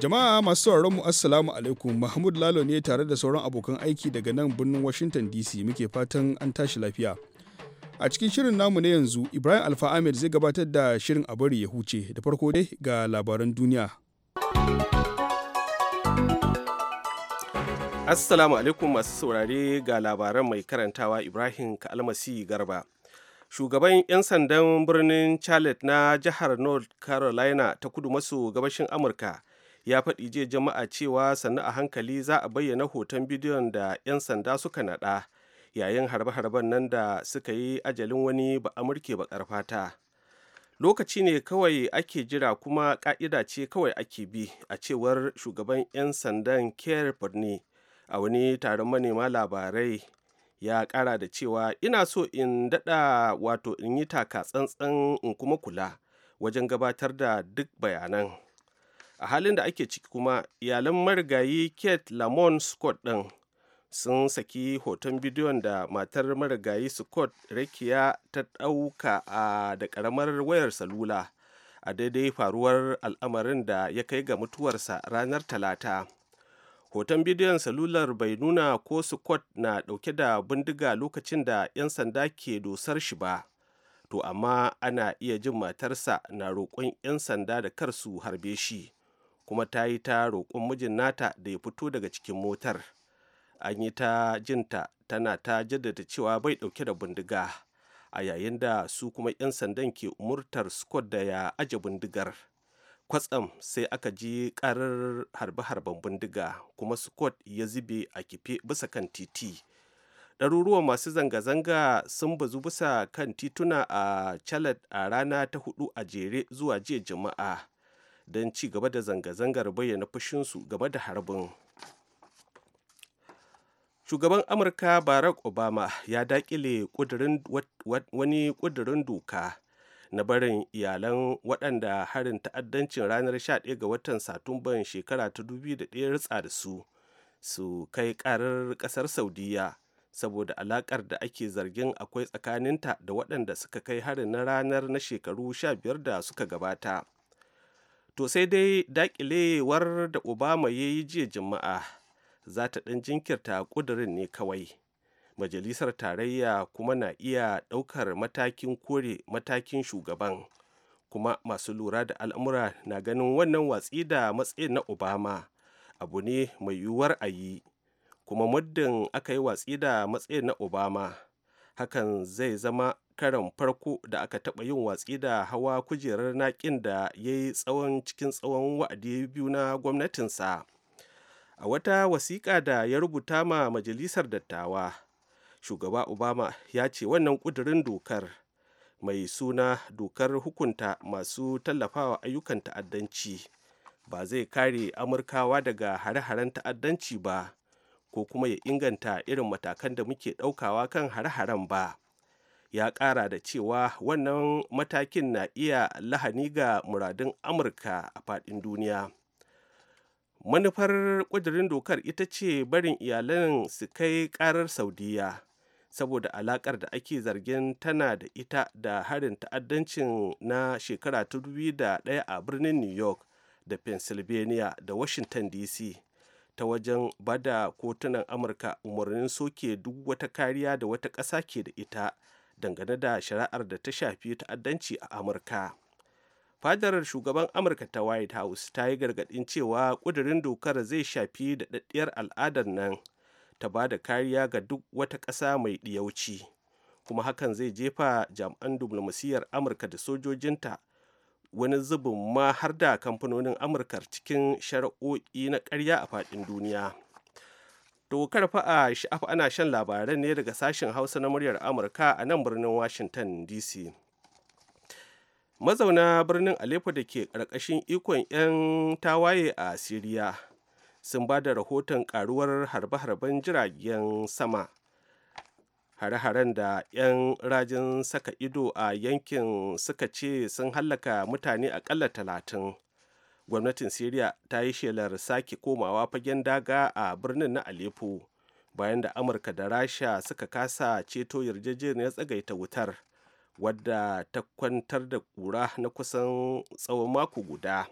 Jama'a masu sauraron mu Assalamu alaikum Mahmud Lalo ne tare da sauran abokan aiki daga nan birnin Washington DC muke fatan an tashi lafiya. A cikin shirin namu na yanzu Ibrahim Alfa Ahmed zai gabatar da shirin a bari ya huce da farko dai ga labaran duniya. Assalamu alaikum masu saurare ga labaran mai karantawa Ibrahim Kalmasi Garba. shugaban 'yan sandan birnin charlotte na jihar north carolina ta kudu maso gabashin amurka ya faɗi jiya jama'a cewa sannu a hankali za a bayyana hoton bidiyon da 'yan sanda suka naɗa yayin harbe-harben nan da suka yi ajalin wani ba amurke ba fata lokaci ne kawai ake jira kuma ƙa'ida ce kawai ake bi a cewar shugaban 'yan sandan kier birni a wani taron manema labarai ya ƙara da cewa ina so in daɗa wato in yi taka tsantsan in kuma kula wajen gabatar da duk bayanan a halin da ake ciki kuma iyalan marigayi kate lamon scott ɗin sun saki hoton bidiyon da matar marigayi scott rakiya ta ɗauka a da ƙaramar wayar salula a daidai faruwar al'amarin da ya kai ga mutuwarsa ranar talata hoton bidiyon salular bai nuna ko scott na ɗauke da bindiga lokacin da 'yan sanda ke dosar shi ba to amma ana iya jin matarsa na roƙon 'yan sanda da kar su harbe shi kuma ta yi ta roƙon mijin nata da ya fito daga cikin motar an yi ta jinta tana ta jaddada cewa bai ɗauke da bindiga a yayin da su kuma 'yan sandan ke umurtar scott da ya aje bindigar kwatsam sai aka ji karar harbe-harben bindiga kuma scott ya zube a kife bisa kan titi ɗaruruwan masu zanga-zanga sun bazu bisa kan tituna a chalet a rana ta hudu a jere zuwa jiya jama'a don ci gaba da zanga-zangar bayyana fushinsu gaba da harbin shugaban amurka barack obama ya dakile wani kudurin doka na barin iyalan waɗanda harin ta'addancin ranar 11 ga watan satumban shekara ta 2001 ritsa da su su kai karar ƙasar saudiya saboda alakar da ake zargin akwai tsakaninta da waɗanda suka kai harin na ranar na shekaru 15 da suka gabata to sai dai dakilewar da obama ya yi jiya juma'a za ta ɗan jinkirta ƙudurin ne kawai majalisar tarayya kuma na iya ɗaukar matakin kore matakin shugaban kuma masu lura da al'amura na ganin wannan watsi da matsayin na obama abu ne mai yiwuwar a yi kuma muddin aka yi watsi da matsayin na obama hakan zai zama karan farko da aka taɓa yin watsi da hawa kujerar naƙin da ya yi tsawon cikin tsawon wa'adi biyu na gwamnatinsa a wata wasiƙa da ya rubuta ma majalisar dattawa shugaba obama ya ce wannan ƙudurin dokar mai suna dokar hukunta masu tallafawa ayyukan ta'addanci ba zai kare amurkawa daga hare-haren ta'addanci ba ko kuma ya inganta irin matakan da muke ɗaukawa kan hare-haren ba ya ƙara da cewa wannan matakin na iya lahani ga muradun amurka a faɗin duniya manufar kudirin dokar ita ce barin iyalan su kai ƙarar saudiya saboda alakar da ake zargin tana da ita da harin ta'addancin na shekara ta ɗaya a birnin new york da pennsylvania da washington dc ta wajen bada kotunan amurka umarnin soke duk wata kariya da wata ƙasa ke da ita dangane da shari'ar da ta shafi ta'addanci a amurka fadarar shugaban amurka ta white house ta yi gargadin cewa kudurin dokar zai shafi daɗaɗɗiyar al'adar nan ta ba da kariya ga duk wata ƙasa mai ɗiyauci kuma hakan zai jefa jami'an diflomasiyyar amurka da sojojinta wani zubin ma har da kamfanonin amurkar cikin shari'o'i na ƙarya a faɗin duniya To fa'a a ana shan labaran ne daga sashen Hausa na muryar Amurka a nan birnin Washington DC. Mazauna birnin Aleppo da ke ƙarƙashin ikon 'yan tawaye a Siriya sun ba da rahoton ƙaruwar harbe-harben jiragen sama. Hare-haren da 'yan rajin saka ido a yankin suka ce sun hallaka mutane aƙalla talatin. gwamnatin syria ta yi shelar sake komawa fagen daga a birnin na aleppo bayan da amurka da rasha suka kasa ceto yarjejeniyar tsagaita wutar wadda ta kwantar da kura na kusan tsawon mako guda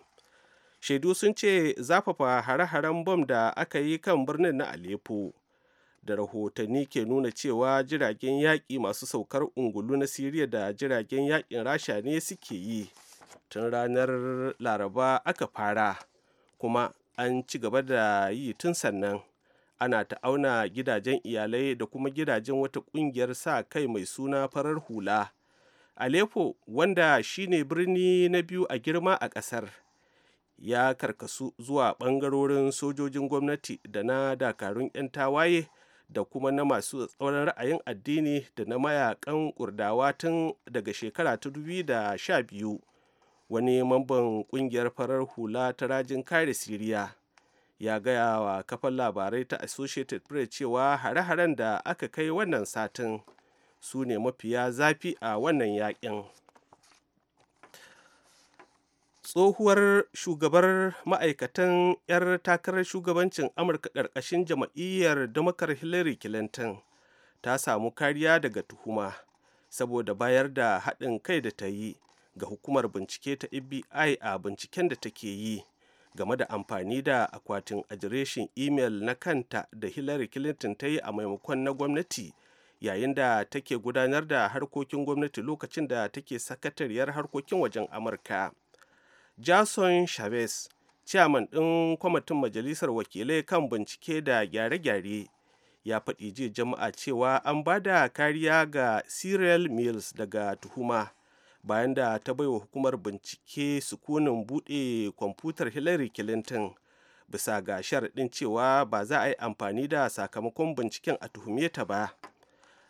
shaidu sun ce zafafa hare-haren bom da aka yi kan birnin na aleppo da rahotanni ke nuna cewa jiragen yaƙi masu saukar ungulu na siriya da jiragen yaƙin rasha ne suke yi tun ranar laraba aka fara kuma an ci gaba da yi tun sannan ana ta auna gidajen iyalai da kuma gidajen wata kungiyar sa kai mai suna farar hula aleppo wanda shine birni na biyu a girma a ƙasar, ya karkasu zuwa ɓangarorin sojojin gwamnati da na dakarun 'yan tawaye da kuma na masu tsauran ra'ayin addini da na mayakan kurdawa tun daga shekara ta 2012 wani mamban kungiyar farar hula ta rajin kare siriya ya gaya wa kafar labarai ta associated press cewa hare-haren da aka kai wannan satin su ne mafiya zafi a wannan yakin tsohuwar shugabar ma'aikatan 'yar takarar shugabancin amurka ƙarƙashin jam'iyyar damakar hillary clinton ta samu kariya daga tuhuma saboda bayar da haɗin kai da ta yi ga hukumar bincike ta FBI a binciken da take yi game da amfani da akwatin adireshin imel na kanta da Hillary Clinton ta yi a maimakon na gwamnati yayin da take gudanar da harkokin gwamnati lokacin da take sakatariyar harkokin wajen Amurka. Jason Chavez, ciyaman ɗin kwamitin majalisar wakilai kan bincike da gyare-gyare ya faɗi jiya jama'a cewa an ba da kariya ga Cyril Mills daga tuhuma. bayan da ta baiwa hukumar bincike sukunin buɗe kwamfutar hillary clinton bisa ga sharaɗin cewa ba za a yi amfani da sakamakon binciken a tuhume ta ba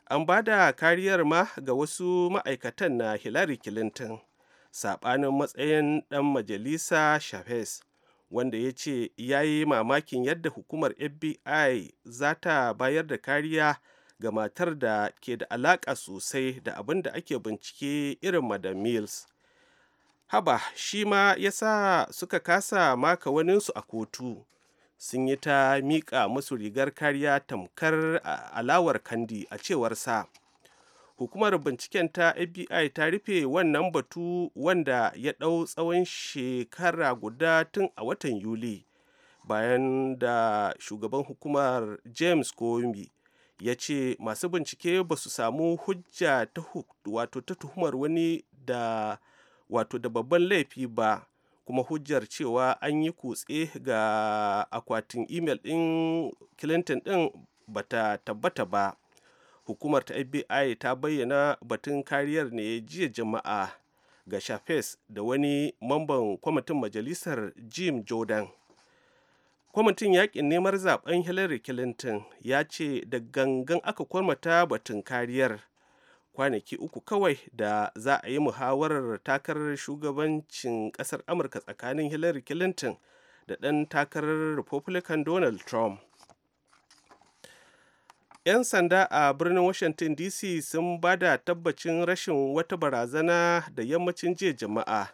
an ba da kariyar ma ga wasu ma'aikatan na hillary clinton saɓanin matsayin ɗan majalisa chavez wanda ya ce ya yi mamakin yadda hukumar fbi za ta bayar da kariya ga matar da ke da alaƙa sosai da abin da ake bincike irin madam mills haba shi ma ya sa suka kasa maka waninsu a kotu sun yi ta miƙa musu rigar kariya tamkar alawar kandi a cewar sa hukumar binciken ta fbi ta rufe wannan batu wanda ya ɗau tsawon shekara guda tun a watan yuli bayan da shugaban hukumar james comey ya ce masu bincike ba su samu hujja ta wato ta tuhumar wani da wato da babban laifi ba kuma hujjar cewa an yi kutse ga akwatin imel din clinton din ba ta tabbata ba hukumar ta fbi ta bayyana batun kariyar ne jiya jama'a ga shafes da wani mamban kwamitin majalisar jim jordan kwamitin yakin neman zaben hillary clinton ya ce da gangan aka kwarmata batun kariyar kwanaki uku kawai da za a yi muhawarar takarar shugabancin kasar amurka tsakanin hillary clinton da ɗan takarar republican donald trump 'yan sanda a birnin washington dc sun bada tabbacin rashin wata barazana da yammacin jiya jama'a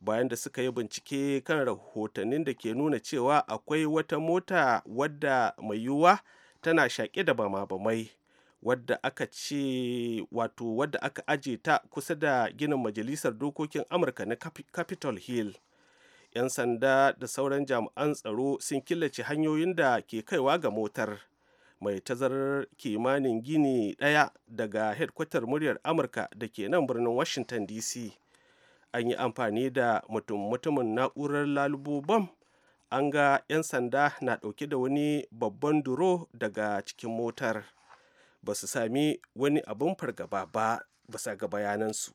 bayan da suka yi bincike kan rahotannin da ke nuna cewa akwai wata mota wadda mai yiwuwa tana shaƙe da bama-bamai wadda aka ce wato wadda aka aje ta kusa da ginin majalisar dokokin amurka na capitol hill 'yan sanda da sauran jami'an tsaro sun killace hanyoyin da ke kaiwa ga motar mai tazarar kimanin gini ɗaya daga hedkwatar muryar amurka da ke nan birnin washington dc an yi amfani da mutum-mutumin na'urar lalubo bam an ga 'yan sanda na ɗauke da wani babban duro daga cikin motar ba su sami wani abin fargaba ba bisa ga bayanansu.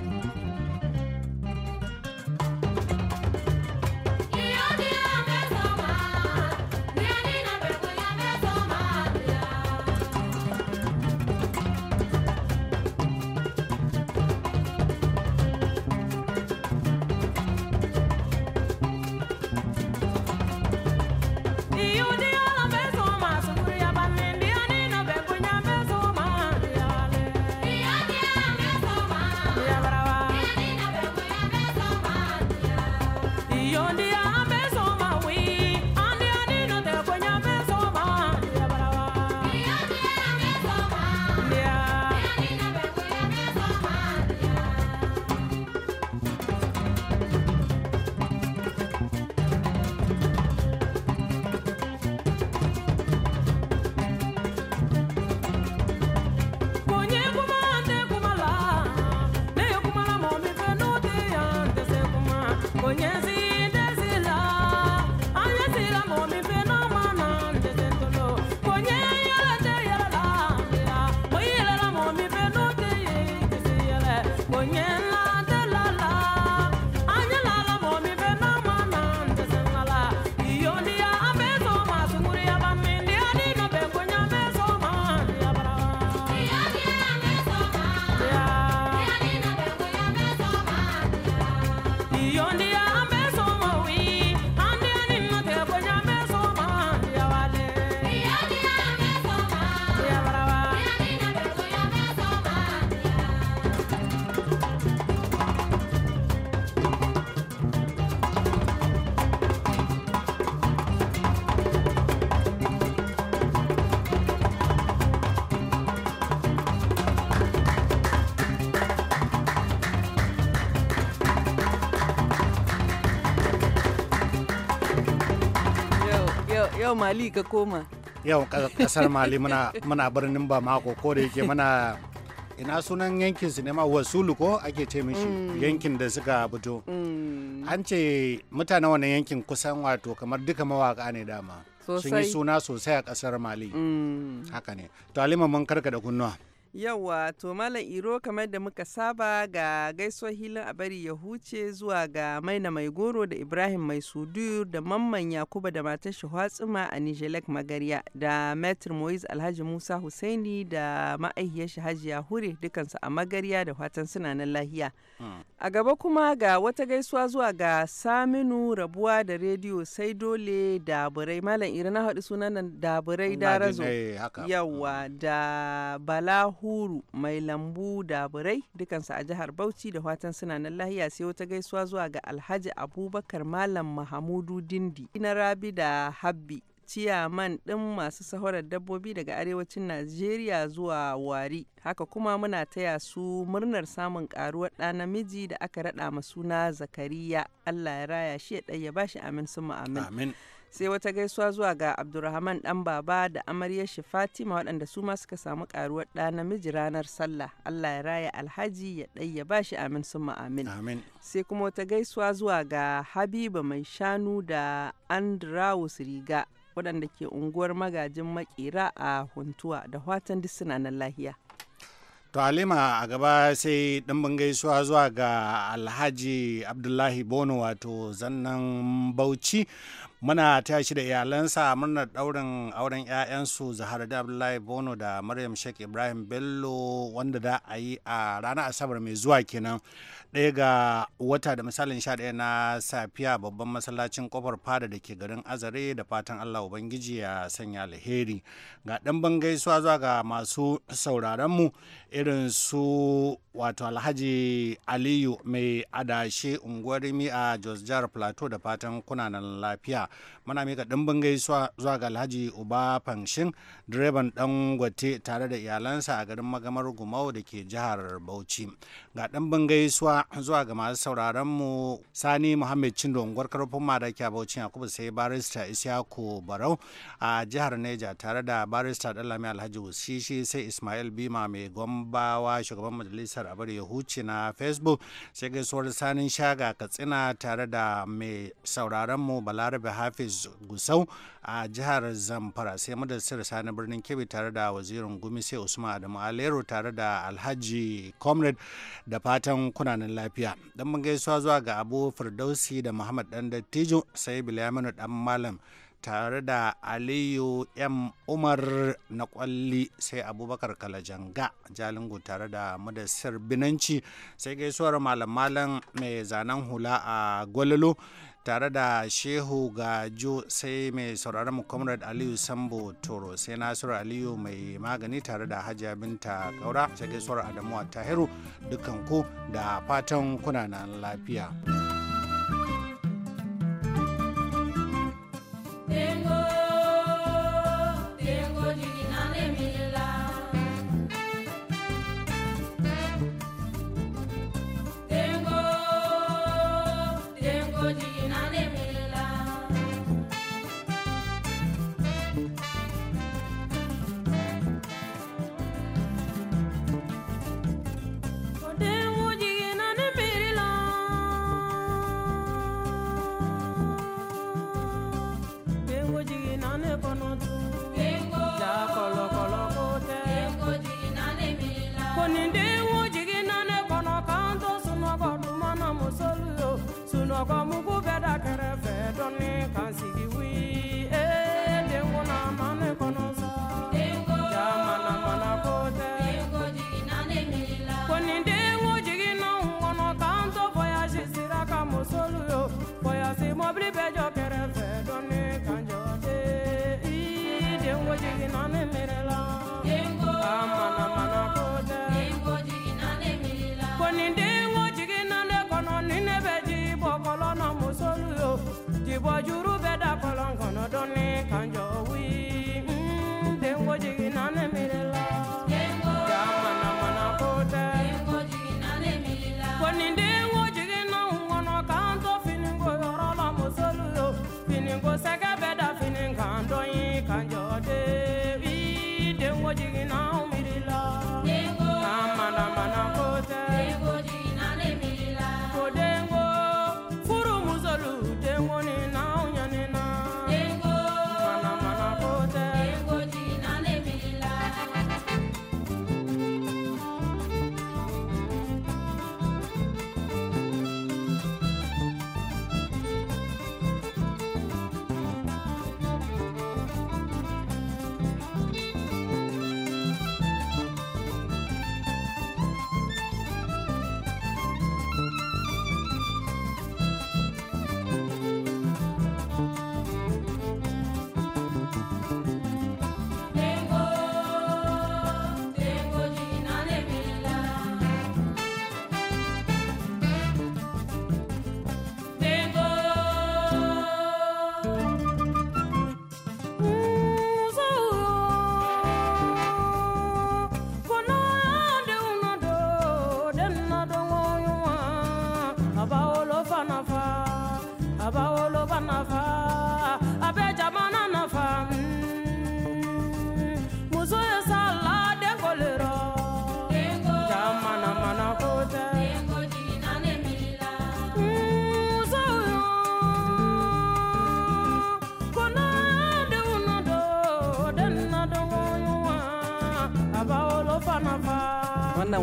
mali ka koma yau kasar mali muna birnin ba mako ko da yake muna ina sunan yankin su ne wasulu ko ake ce mishi mm. yankin da suka fito mm. an ce mutane wannan yankin kusan wato kamar duka mawaka ne dama sun yi suna sosai a kasar mali mm. haka ne to mun karka da kunnuwa Yawwa to Malam Iro kamar da muka saba ga gaisuwar hilin a bari ya huce zuwa ga Maina Mai Goro da Ibrahim Mai Sudur da Mamman Yakuba da matar shi a Nijelek Magarya da Metro Moise Alhaji Musa Husaini da ma'aihiyar shi ya Hure dukansu a Magarya da fatan suna nan lahiya. Hmm. A gaba kuma ga wata gaisuwa zuwa ga Saminu Rabuwa da Rediyo Sai Dole da Burai Malam Iro na haɗu sunan da Burai Darazo. Eh, Yawwa hmm. da Bala Huru mai lambu da burai dukansu a jihar Bauchi da watan suna nan lahiya sai wata gaisuwa zuwa ga Alhaji Abubakar Malam Mahamudu Dindi na Rabi da Habbi ciyaman ɗin masu sahorar dabbobi daga arewacin Najeriya zuwa Wari. Haka kuma muna taya su murnar samun karuwar ɗa namiji da aka raɗa ma suna Zakariya. Allah ya raya shi ya ɗaya bashi amin sun amin. amin. sai wata gaisuwa zuwa ga abdulrahman dan baba da amaryar shi fatima waɗanda su ma suka samu karuwar ɗa namiji ranar sallah allah ya raya alhaji ya ɗaya ba bashi amin sun amin sai kuma wata gaisuwa zuwa ga habiba mai shanu da andrawus riga waɗanda ke unguwar magajin makera a huntuwa da watan duk suna nan lahiya To alima a gaba sai ɗimbin gaisuwa zuwa ga Alhaji Abdullahi Bono wato zannan Bauchi muna taya shi da iyalansa murnar daurin auren 'ya'yansu zahara da abdullahi bono da maryam sheikh ibrahim bello wanda da a yi a ranar asabar mai zuwa kenan ɗaya ga wata da misalin sha ɗaya na safiya babban masallacin kofar fada da ke garin azare da fatan allah ubangiji ya sanya alheri ga ɗan gaisuwa zuwa ga masu sauraronmu irin su wato alhaji aliyu mai adashe unguwar a jos jihar plateau da fatan kunanan lafiya muna mika dimbin gaisuwa zuwa ga alhaji uba fanshin direban gwate tare da iyalansa a garin magamar gumau da ke jihar bauchi ga dimbin gaisuwa zuwa ga masu sauraron mu sani muhammad cindo unguwar karfin madaki a bauchi yakubu sai barista isyaku barau a jihar neja tare da barista dalami alhaji wushishi sai ismail bima mai gombawa shugaban majalisar abar yahuci na facebook sai gaisuwar sanin shaga katsina tare da mai sauraron mu balarabe hafiz gusau a jihar zamfara sai madasir sani birnin kebbi tare da wazirin gumi sai usman adamu alero tare da alhaji comrade da fatan kunanan lafiya don mun gaisuwa zuwa ga abu firdausi da muhammad dan dattijo sai bilaminu dan malam tare da aliyu m umar na kwalli sai abubakar kalajanga jalingo tare da madasir binanci sai gaisuwar malam-malam mai zanen hula a gwalolo tare da shehu ga gajo sai mai sauraron mu comrade aliyu sambo toro sai nasiru aliyu mai magani tare da hajiya binta kaura sai gaisuwar adamu tahiru dukkan ku da fatan kuna na lafiya. I wanna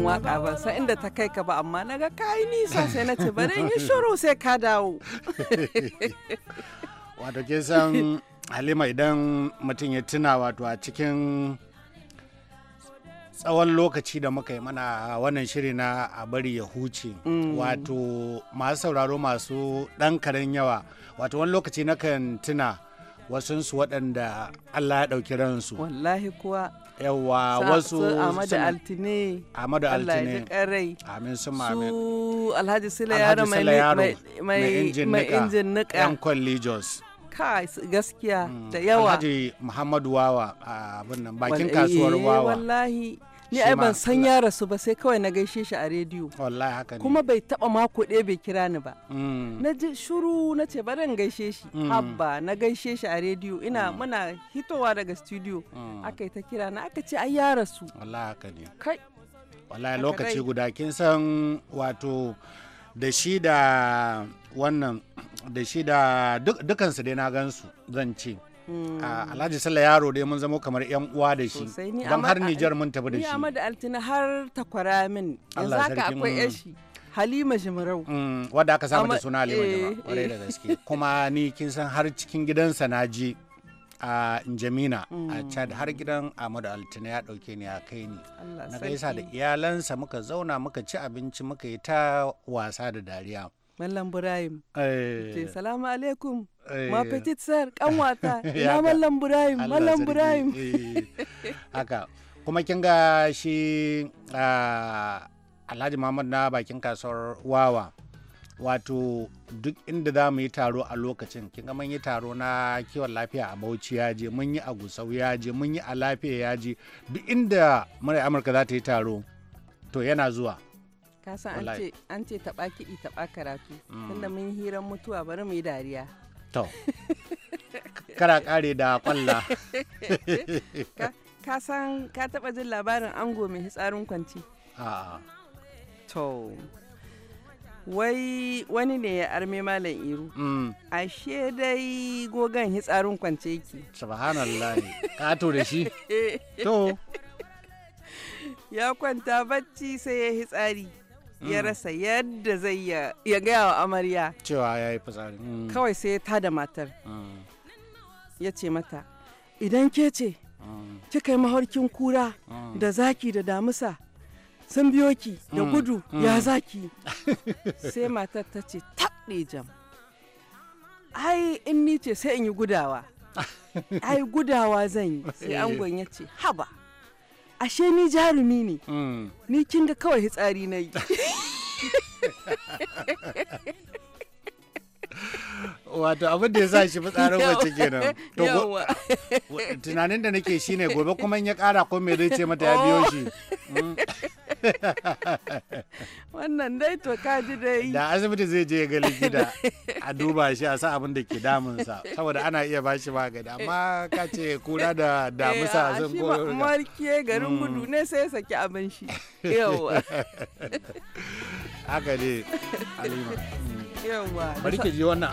wannan waka ban san inda ta kai ka ba amma na ga kai nisa sai na ce bari yi shuru sai ka dawo wato ke san halima idan mutum ya tuna wato a cikin tsawon lokaci da muka yi mana wannan shiri na a bari ya huce mm. wato masu sauraro masu ɗan karen yawa wato wani lokaci na kan tuna wasunsu waɗanda allah ya ɗauki ransu wallahi kuwa yawa wasu amadu altine amadu altine karai amin su amin su alhaji sila yaro mai mai injin nika yan kwalli kai gaskiya mm. da yawa alhaji muhammadu wawa abin nan bakin kasuwar eh, wawa wallahi ni ai ban san ya rasu ba sai kawai na gaishe shi a rediyo wallahi haka ne kuma bai taba mako ɗaya bai kira ni ba mm. na ji shuru na ce bari in gaishe shi mm. habba na gaishe shi a rediyo ina mm. muna hitowa daga studio aka yi ta kira na aka ce ai ya rasu wallahi haka ne kai wallahi lokaci guda kin san wato da shi da wannan da shi da dukansu dai na gansu zan ce alhaji sallah yaro dai mun zama kamar yan uwa da shi don har nijar mun tafi da shi ni da altina har takwara min yanzu haka akwai yashi halima jimarau mm, wadda aka samu da suna halima jimarau kwarai eh, da eh. gaske kuma ni kin san har cikin gidansa na je a Njamina a mm. Chad har gidan Amadu Altina ya dauke ni ya kai ni na gaisa da iyalansa muka zauna muka ci abinci muka yi ta wasa da dariya Mallam Burayim. Eh. Salamu alaikum. Eh, ma petit sir kanwata na mallam burahim mallam burahim eh, haka kuma kin ga shi ah, alhaji muhammad na bakin kasuwar wawa wato duk inda za mu yi taro a lokacin kin ga mun yi taro na kiwon lafiya a bauchi ya je mun yi a gusau ya je mun yi a lafiya ya je duk inda murai amurka za ta yi taro to yana zuwa kasan an ce taɓa kiɗi taɓa karatu mm. tunda mun hiran mutuwa bari mu yi dariya to kara kare da kwalla ka san ka taba jin labarin ango mai hitsarin kwanci a'a to wai wani ne ya arme malam iru mm. ashe dai gogan hitsarin kwance yake subhanallah Ka to da shi to ya kwanta bacci sai ya hitsari ya rasa yadda zai ya gaya wa amarya cewa ya yi fitsari mm. Mm. kawai sai ya tada matar mm. ya ce mata idan ke ce kika yi maharkin kura da zaki da damusa sun biyo ki da gudu ya zaki sai matar ta ce taɗe jam ai in ni ce sai in yi gudawa ai gudawa zan yi sai eh. angon ya ce haba ashe ni jarumi ne ni kin ga kawai hitsari na yi wato abin da ya sa shi fitsarin wacce kenan to tunanin da nake shine gobe kuma in ya kara ko me zai ce mata ya biyo shi mm. wannan dai to kaji dai da asibiti zai je ga likita a duba shi a sa abin da ke damunsa saboda ana iya ba shi magani amma ka ce kura da damusa eh, sun ko marke garin mm. gudu ne sai saki abin shi yawa haka ne halima hmm. bari ki ji wannan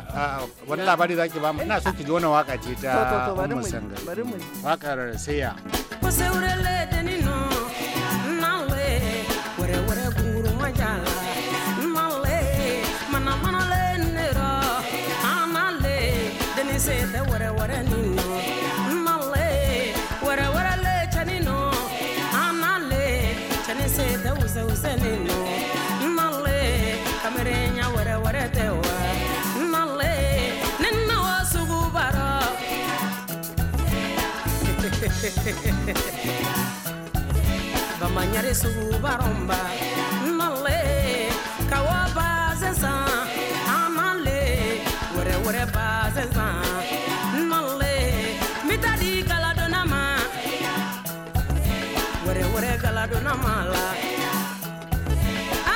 wani labari zaki ba mu ina so ki ji wannan waka ce ta ummu sanga wakar saya ko saurale da ni no nalle se da bamanyare sugu baromba nale kawa bazezan anale wɛrɛ wɛrɛ bazezan male. mitadi galadonna ma wɛrɛ wɛrɛ galadonna ma la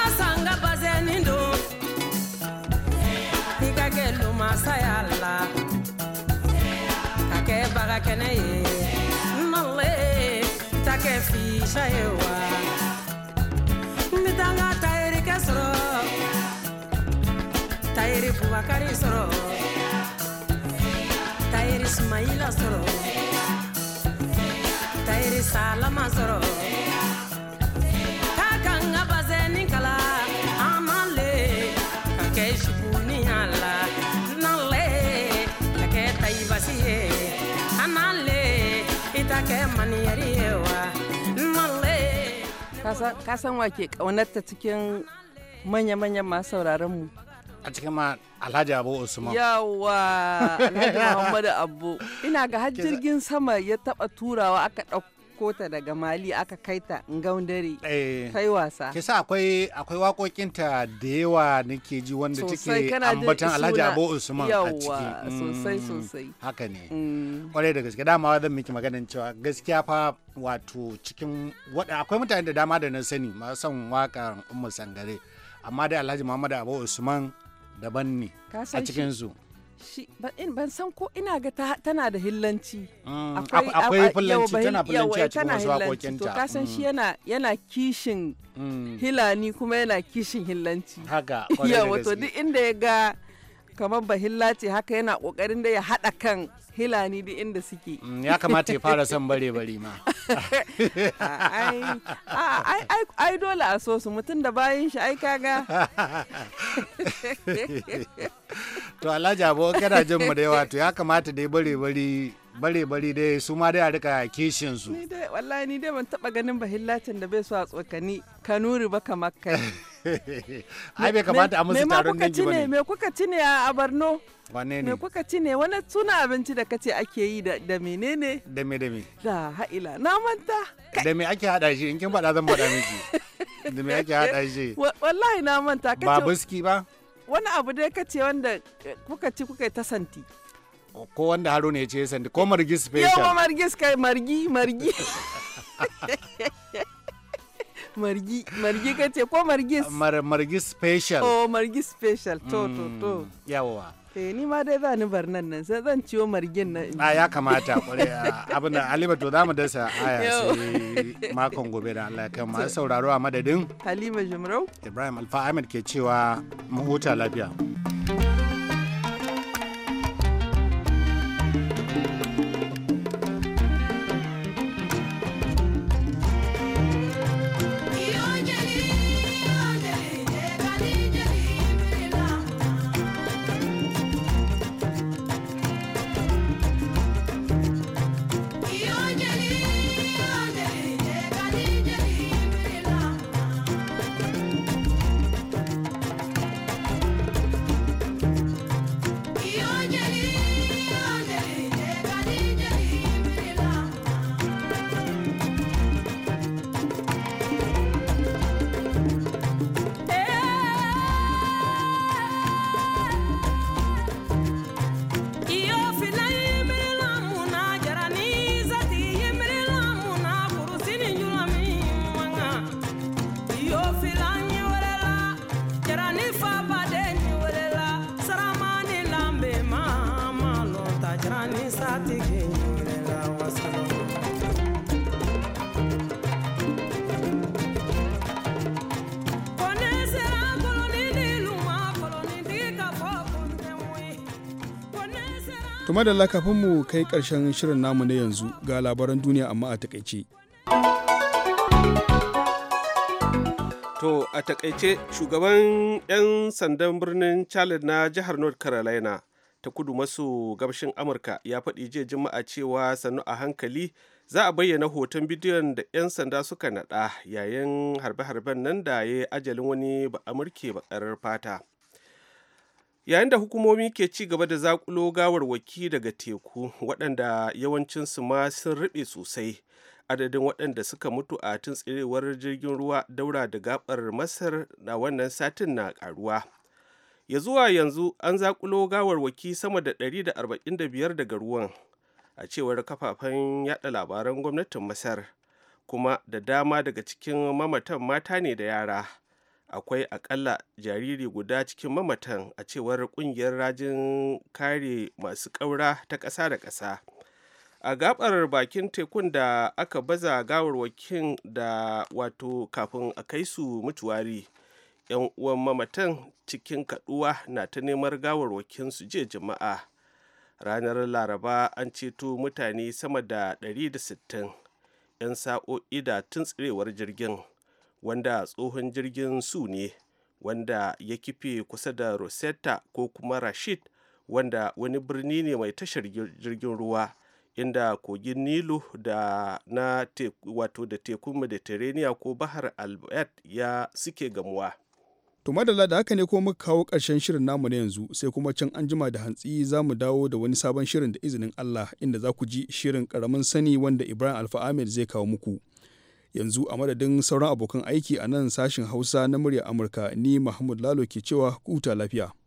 asanga bazɛnin don i ka kɛ lomasaya shayewa nditanga tayiri kɛ sɔrɔ tayiri bubakari sɔrɔ tayiri sumayila sɔrɔ tayiri salama sɔrɔ ka kala an ma le ka kɛ zipuni a la na le ka san wake kaunarta cikin manya-manyan masu sauraron mu a cikin ma alhaji abu usman yawa alhaji muhammadu abu ina ga har jirgin sama ya taba turawa aka ɗauko ɗauko ta daga mali aka kai ta ngaundare eh, dare kai wasa sa akwai akwai waƙoƙinta da yawa nake ji wanda take ambatan alhaji abu usman a ciki mm, sosai sosai haka ne mm. kwarai da gaske dama zan miki maganin cewa gaskiya fa wato cikin wada akwai mutane da dama da na sani masu son waƙar ummu sangare amma dai alhaji muhammadu abu usman daban ne a cikinsu shi ban san ko ina ga tana da hillanci mm, akwai hillanci tana hillanci a eh, cikin wasu wakokinta kasan shi mm. yana yana kishin mm. hilani kuma yana kishin hillanci haka yawa to duk inda ya ga kamar ba hillace haka yana kokarin da ya hada kan hilani duk inda suke ya kamata ya fara son bare bare ma ai dole a so su mutum da bayan shi ai kaga to alhaji abu kana jin mu da yawa to ya kamata dai bare bari bare bare dai su ma dai a rika kishin su ni dai wallahi ni dai ban taba ganin bahillacin da bai so a tsokani kanuri ba kamar kai ai bai kamata a musu taron dangi bane me kuka ci ne a Borno wane ne me kuka ci ne wani suna abinci da kace ake yi da da menene da me da me da ha'ila na manta da me ake hada shi in kin faɗa zan faɗa miki da me ake hada shi wallahi na manta kace ba biski ba wani abu dai ka ce wanda eh, kuka ci kuka ta santi ko wanda haro ne ya ce santi ko margi special yau margi kai margi margi margi margi ka ce ko margi mar margi special oh margi special to to to mm, Yawwa. eh ni ma dai za ni bar nan nan sai zan ciwo margin na. a ah, ya kamata kware ah, abin da halima to zamu mu dasa aya sai makon gobe da Allah kai masu sauraro a madadin halima Jumrau ibrahim alfa ahmed ke cewa mu huta lafiya madalla kafin mu kai karshen shirin namu na yanzu ga labaran duniya amma a takaice. To a takaice shugaban 'yan sandan birnin Charlotte na jihar North Carolina ta kudu maso gabashin Amurka ya faɗi jiya Juma'a cewa sannu a hankali za a bayyana hoton bidiyon da 'yan sanda suka naɗa yayin harbe-harben nan da ya ajalin wani ba amurke baƙarar fata. yayin da hukumomi ke ci gaba da zakulo gawarwaki daga teku waɗanda yawancinsu ma sun riɓe sosai adadin waɗanda suka mutu a tun tuntsirewar jirgin ruwa daura da gabar masar na wannan satin na ƙaruwa ya zuwa yanzu an zakulo gawarwaki sama da 145 daga ruwan a cewar kafafen yada labaran gwamnatin masar kuma da dama daga cikin mamatan mata ne da yara akwai akalla jariri guda cikin mamatan a cewar kungiyar rajin kare masu ƙaura ta ƙasa da ƙasa a gabar bakin tekun da aka baza gawarwakin da wato kafin a kai su mutuwari yan uwan mamatan cikin kaduwa na ta neman gawarwakin su je jama'a ranar laraba an ceto mutane sama da 160 'yan sa'o'i da tuntsirewar jirgin wanda tsohon jirgin su ne wanda ya kife kusa da rosetta ko kuma rashid wanda wani birni ne mai tashar jirgin ruwa inda kogin nilo da na wato da tekun mediterranean ko bahar albert ya suke gamuwa to madalla da haka ne ko muka kawo ƙarshen shirin namu na yanzu sai kuma can an jima da hantsi za mu dawo da wani sabon shirin da izinin allah inda za ku ji shirin ƙaramin sani wanda ibrahim alfa zai kawo muku yanzu a madadin sauran abokan aiki a nan sashin hausa na murya amurka ni mahmud lalo ke cewa kuta lafiya